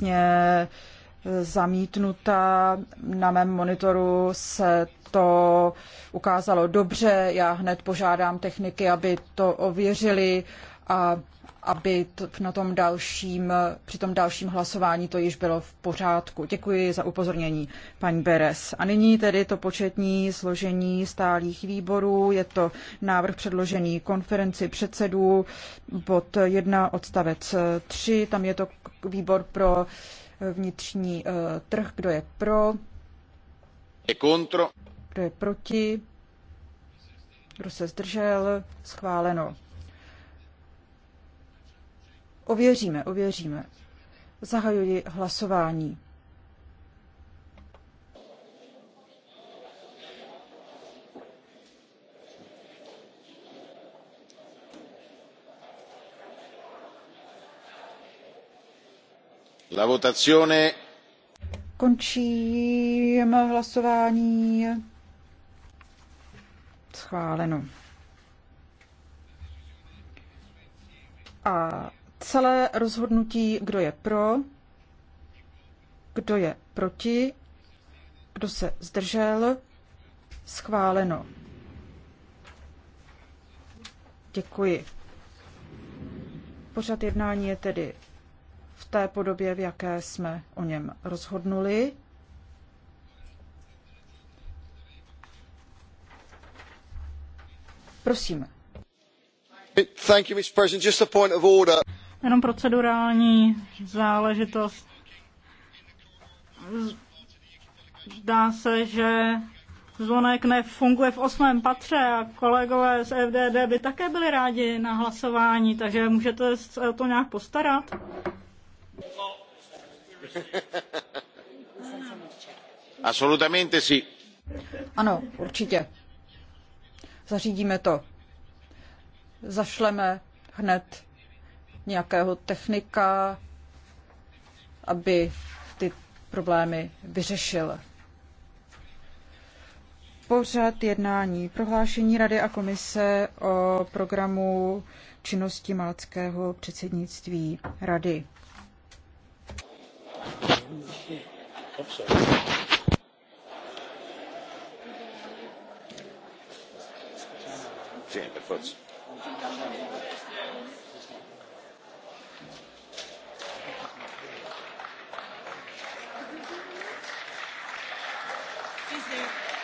vlastně zamítnuta. Na mém monitoru se to ukázalo dobře. Já hned požádám techniky, aby to ověřili a aby to na tom dalším, při tom dalším hlasování to již bylo v pořádku. Děkuji za upozornění, paní Beres. A nyní tedy to početní složení stálých výborů. Je to návrh předložený konferenci předsedů, pod 1 odstavec 3. Tam je to výbor pro eh, vnitřní eh, trh, kdo je pro, kdo je proti, kdo se zdržel, schváleno. Ověříme, ověříme. Zahajuji hlasování. La votazione. Končím hlasování. Schváleno. A celé rozhodnutí, kdo je pro, kdo je proti, kdo se zdržel, schváleno. Děkuji. Pořad jednání je tedy v té podobě, v jaké jsme o něm rozhodnuli. Prosím. Thank you, Mr. President. Just a point of order. Jenom procedurální záležitost. Zdá se, že zvonek nefunguje v osmém patře a kolegové z FDD by také byli rádi na hlasování, takže můžete se o to nějak postarat? Absolutamente Ano, určitě. Zařídíme to. Zašleme hned nějakého technika, aby ty problémy vyřešil. Pořad jednání prohlášení Rady a komise o programu činnosti malckého předsednictví Rady. se. Sì, per forza. Is there